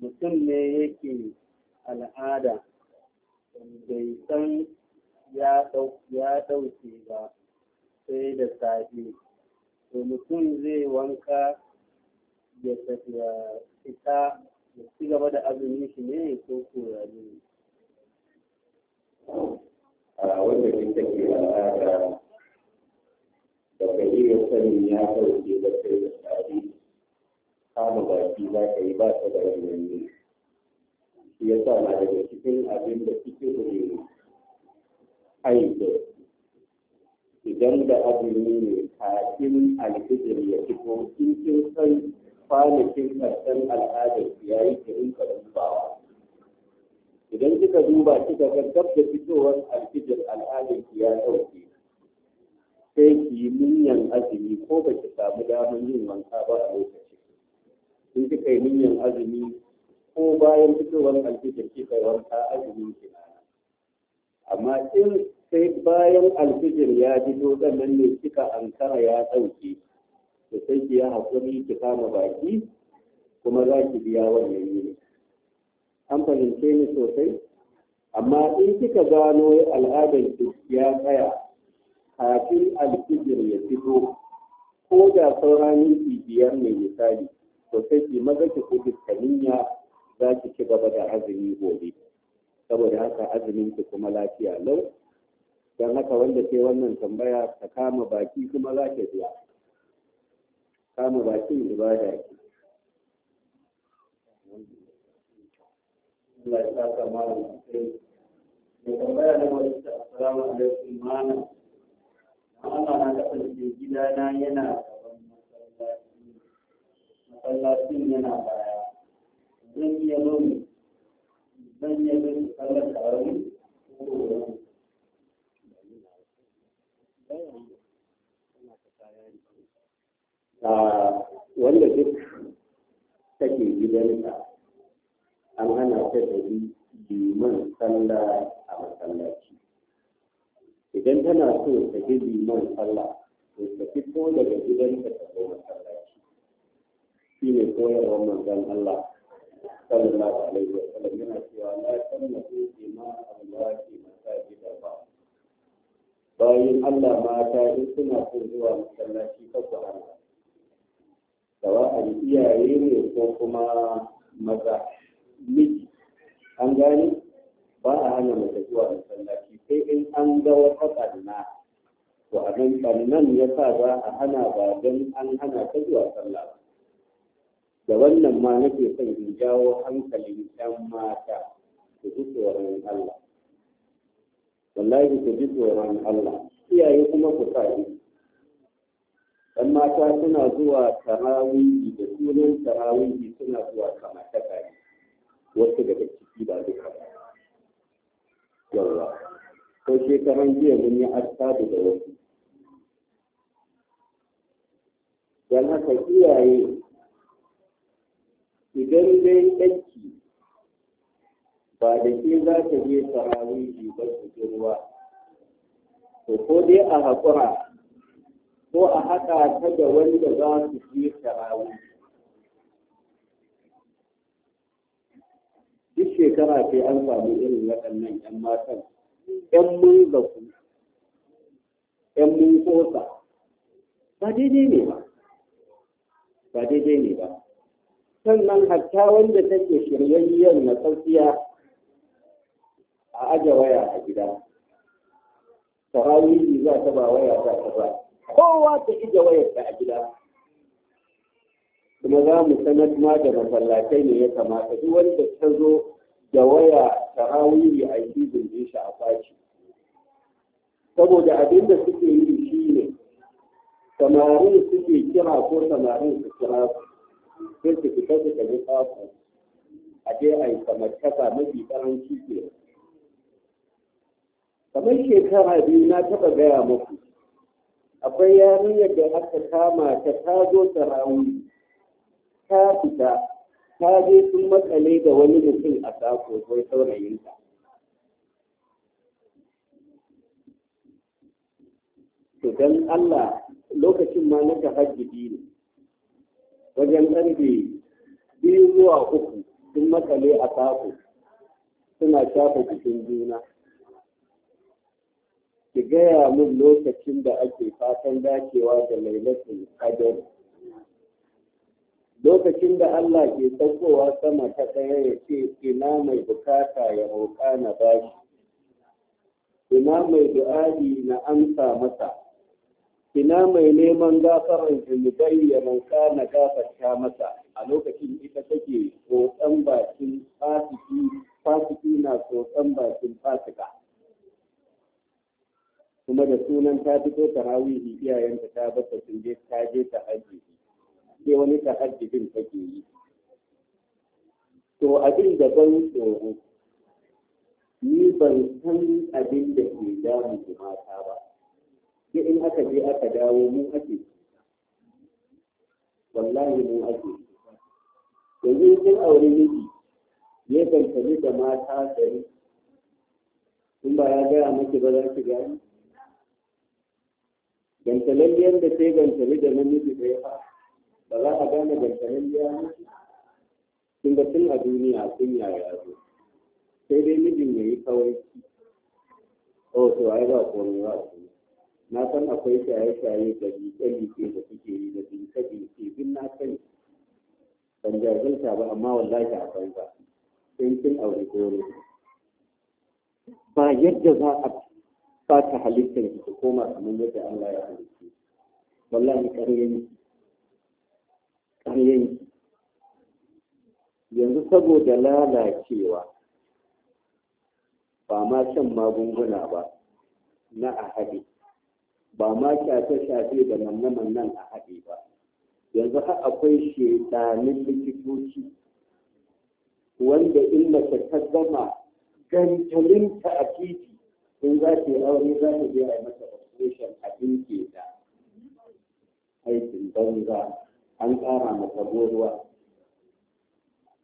mutum ne yake al'ada bai san ya ɗauke ba sai da safe to mutum zai wanka ya tafiya fita ya ci gaba da azumi shi ne ko koya ne a wanda ke al'ada da ka iya sani ya kauce da kai da tsari kama baki za ka yi ba ta da yanayi shi ya sa na daga cikin abin da suke ne haihu idan da azumi ne kafin alfijir ya fito in kin san kwanakin karshen al'adar yayi ki rinka dubawa idan kika duba kika ga dab da fitowar alfijir al'adar ki ya dauke sai ki yi minyan azumi ko ba ki samu damar yin wanka ba a lokaci in kika yi minyan azumi ko bayan fitowar alfijir kika yi wanka azumin ki amma in sai bayan alfijir ya ji dogon nan ne kika ankara ya dauke da sai ki ya haƙuri ki kama baki kuma za ki biya wannan yini an fahimce ni sosai amma in kika gano al'adar ki ya tsaya kafin alfijir ya fito ko da sauran minti biyar mai misali to sai ki maza ki kudurta za ki ci gaba da azumi gobe saboda haka azumin ki kuma lafiya lau don haka wanda ke wannan tambaya ka kama baki kuma za ki biya kama bakin ibada ce Allah ya sa ka malam sai da tambaya da wani ta assalamu alaikum malam Allah na kasance gidana yana gaban masallaci masallacin yana baya zan iya bin zan iya bin sallar tarawih ko wanda duk take gidanta an hana ta da liman sallah a masallaci idan tana so ta bi liman sallah to ta fito daga gidanta ta zo masallaci shi ne koyarwar manzon Allah sallallahu alaihi wa sallam yana cewa la tannahu bima ke masajida ba bayan Allah mata in suna so zuwa masallaci ta ku hana sawa'an iyaye ne ko kuma maza miji an gani? ba a hana mace zuwa masallaci sai in an ga wata ɓanna to nan ɓannan ya sa za a hana ba don an hana ta zuwa sallah ba da wannan ma nake son in jawo hankalin 'yan mata su ji tsoron Allah wallahi ku ji tsoron Allah iyaye kuma ku sa ido ɗan mata suna zuwa tarawihi da sunan tarawihi suna zuwa kamata ne wasu daga ciki ba duka ba yawa ko shekaran jiya mun yi asabu da wasu don haka iyaye idan dai ɗanki ba da ke za ta je tarawihi ba su ruwa to ko dai a haƙura ko a haɗa ta da wanda za su je tarawi duk shekara sai an samu irin waɗannan 'yan matan 'yan mun zaku 'yan mun kosa ba daidai ne ba ba daidai ne ba sannan hatta wanda take shiryayyen na tsakiya a aje waya a gida tarawihi za ta ba waya za ta ba kowa ta ije wayarsa a gida kuma za mu sanar ma da masallatai ne ya kamata duk wanda ta zo da waya tarawihi a yi zunje shi a kwaci saboda abin da suke yi shi ne samarin suke kira ko samarin su kira sai su fita su kalli kafu a je a yi samartaka mafi karanci ke kamar shekara biyu na taɓa gaya muku akwai yarinyar da aka kama ta ta zo tarawih ta fita ta je sun matsale da wani mutum a sako ko saurayinta to dan Allah lokacin ma na tahajjudi ne wajen karfe biyu zuwa uku sun matsale a sako suna shafa cikin juna ki gaya min lokacin da ake fatan dacewa da lailatul qadar lokacin da Allah ke saukowa sama ta ɗaya ya ce ina mai bukata ya roƙa na bashi ina mai du'adi na amsa masa ina mai neman gafarar zunubai ya manka na gafarta masa a lokacin ita take tsotsan bakin fasiki fasiki na tsotsan bakin fasika kuma da sunan ta fito tarawihi iyayenta ta bata sun je ta je ta hajji. sai wani ta ta ke yi to abin da ban tsoro ni ban san abin da ke damu da mata ba sai in aka je aka dawo mu ake wallahi mu ake yanzu sun aure miji ya tafi da mata ɗari in ba ya gaya miki ba za ki gani gantalalliyar da ta sai gantali da namiji da ya ba za a gane gantalalliya ne sun ga tun a duniya sun yaya zo sai dai mijin ya yi kawai oh to ai ba komai ba su na san akwai shaye-shaye da liƙe-liƙe da suke yi da liƙe-liƙe bin na sani ban jahilta ba amma wallahi akwai ba sun kin aure dole ba yadda za a fata halittar ki ta koma kamar yadda Allah ya halitta wallahi ƙaryen ƙaryen yanzu saboda lalacewa ba ma shan magunguna ba na a haɗe ba ma shafe-shafe da mannaman nan a haɗe ba yanzu har akwai shekarun likitoci wanda in mace ta zama gantalinta a titi in za ta yi aure za ta je a mata operation a dinke ta aikin banza an kara mata ruwa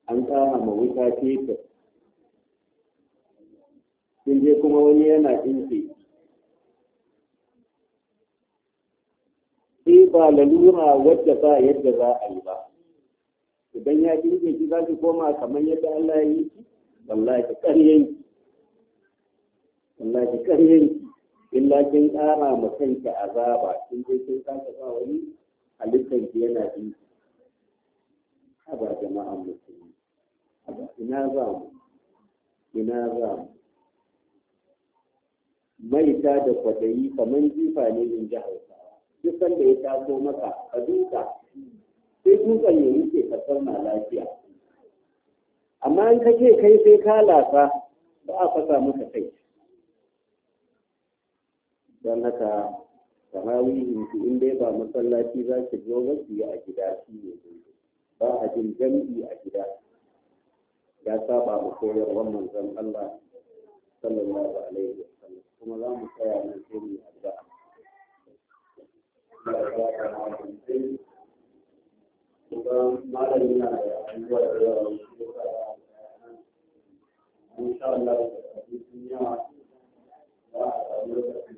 an kara ma wuta fetur sun je kuma wani yana dinke sai eh, ba lalura wadda ba yadda za a yi ba idan ya dinke shi za ki koma kamar yadda Allah ya yi ki wallahi ƙaryen wallahi ƙaryen in kin ƙara ma kanki azaba zaba, je kin sake sa wani halittar ki yana bi haba jama'a musulmi ina za mu ina za mu maita da kwadayi kamar jifa ne in ji hausawa duk sanda ya taso maka ka duka sai dukan ya wuce ka na lafiya amma in ka ce kai sai ka lasa ba a fasa maka kai don haka tarawihin ki in dai ba masallaci za ki zo ba su yi a gida shi ne ba a jin jam'i a gida ya saba mu koyarwar manzon Allah sallallahu alaihi wa sallam kuma za mu tsaya nan sai mu addu'a kuma malami na da abubuwa da yawa insha Allah da yawa za a samu lokacin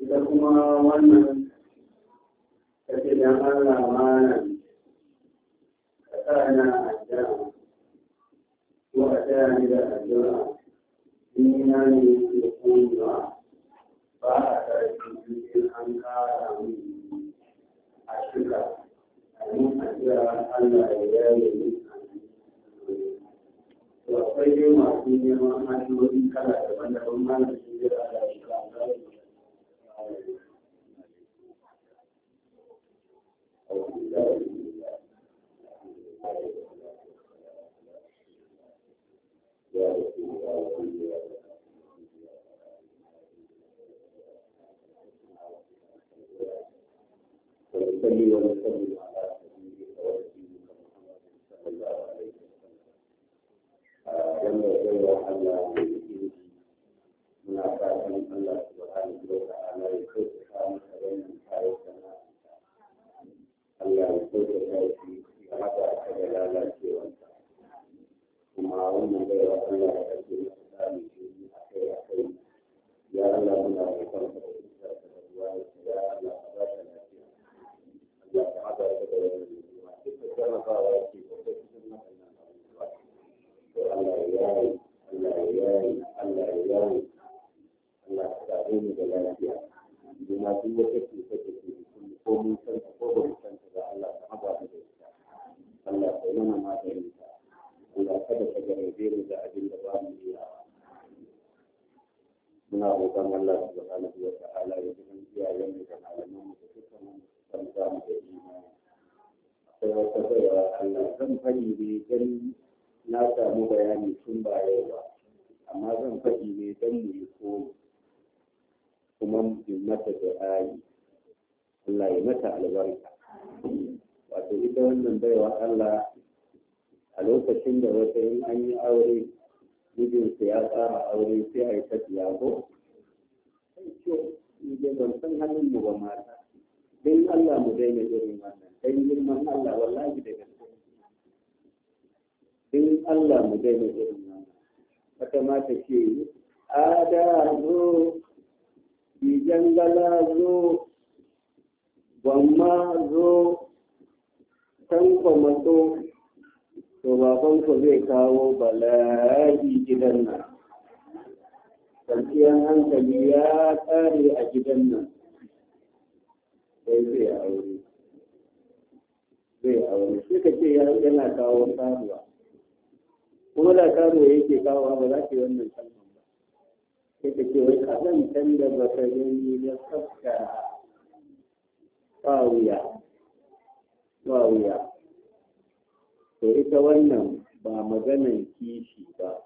ita kuma wannan kake dan Allah malam ka sa na addu'a ko a taya ni da addu'a ni na ne ke koyewa ba a karfi jirgin an kara mu a shiga a yi addu'a Allah ya yi akwai dai masu neman hanyoyi kala daban-daban malamin jira da shi kan وسلم kwanciyar hankali ya tsare a gidan nan sai zai aure zai aure sai ka ce yana kawo karuwa kuma da karuwa yake kawo ba za ka yi wannan kalman ba sai ka ce wai kazantan da ba ka gani da tsafta ba wuya ba wuya ita wannan ba maganan kishi ba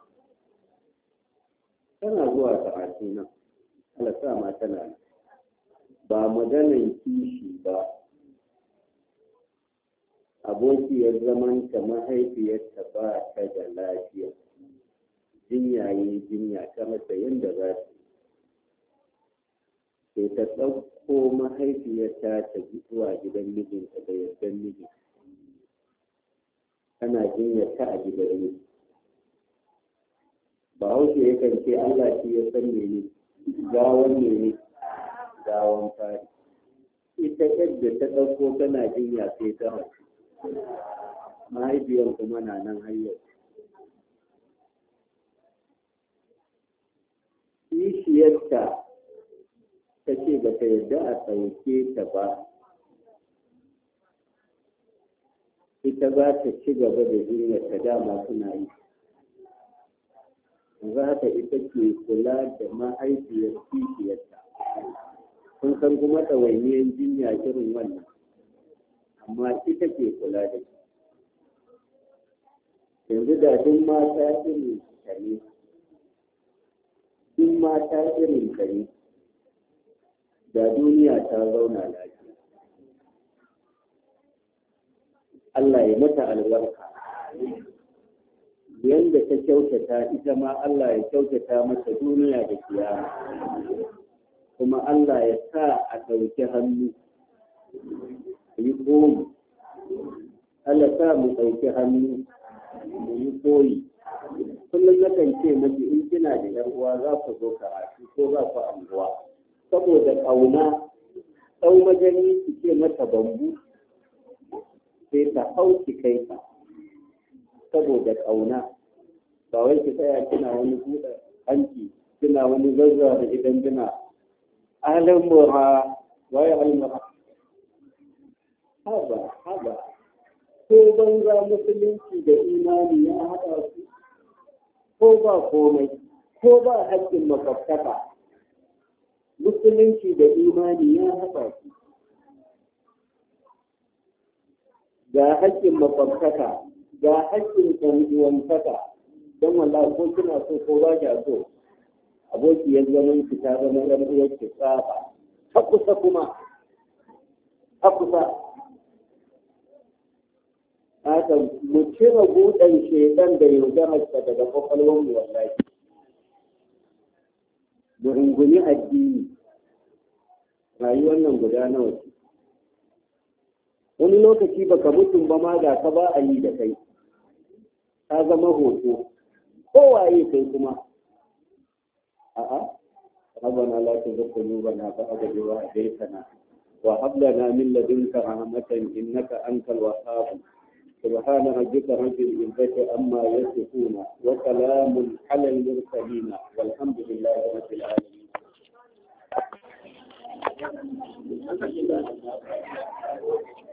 tana zuwa ake nan sa ma tana ba maganan kishi ba abokiyar zaman ta mahaifiyarta ba ta da lafiya jinya jinya ta masa yadda za ta sai ta ɗauko mahaifiyata ta zuwa gidan mijinta da yardan mijin tana jinyar ta a gidan mijin ba haushe ya kance Allah shi ya san mene gawan mene gawan fari ita yadda ta ɗauko tana jinya sai ta haushi mahaifiyar kuma na nan hanyar kishiyarta ta ce ba ta yarda a ɗauke ta ba ita ba ta ci gaba da jinyar ta dama suna yi za ta ita ke kula da mahaifiyar kifiyarta kun san kuma ɗawainiyar jinya irin wannan amma ita ke kula da shi yanzu da duk mata irin ta ne duk mata irin ta ne da duniya ta zauna lafiya Allah ya mata albarka yanda ta kyautata ita ma Allah ya kyautata mata duniya da kiyama kuma Allah ya sa a ɗauki hannu yi koyi Allah sa mu ɗauki hannu mu yi koyi kullum kan ce miki in kina da yar uwa za ku zo karatu ko za ku anguwa saboda ƙauna ɗau majani ki ce mata bambu sai ta hau ki kai ta saboda ƙauna ba wai ki tsaya kina wani buɗe hanki kina wani zazza da idan kina ahalin mura waye almura haba haba ko banza musulunci da imani ya haɗa su ko ba komai ko ba haƙƙin makwabtaka musulunci da imani ya haɗa su ga haƙƙin makwabtaka ga haƙƙin ɗan'uwantaka don wallahi ko kina so ko ba kya so aboki ya zama ki ta zama ɗan uwar ki tsaba ta kusa kuma ta kusa haka mu cire buɗan shedan da yaudararsa daga kwakwalwar mu wallahi mu rungumi addini rayuwar nan guda nawa wani lokaci baka mutum ba ma ga ka ba a yi da kai ka zama hoto kowaye kai kuma a'a rabana la tuzqulu bana fa abadu wa baytana wa hablana min ladunka rahmatan innaka antal wahhab سبحان ربك رب العزة عما يصفون وسلام على المرسلين والحمد لله رب العالمين.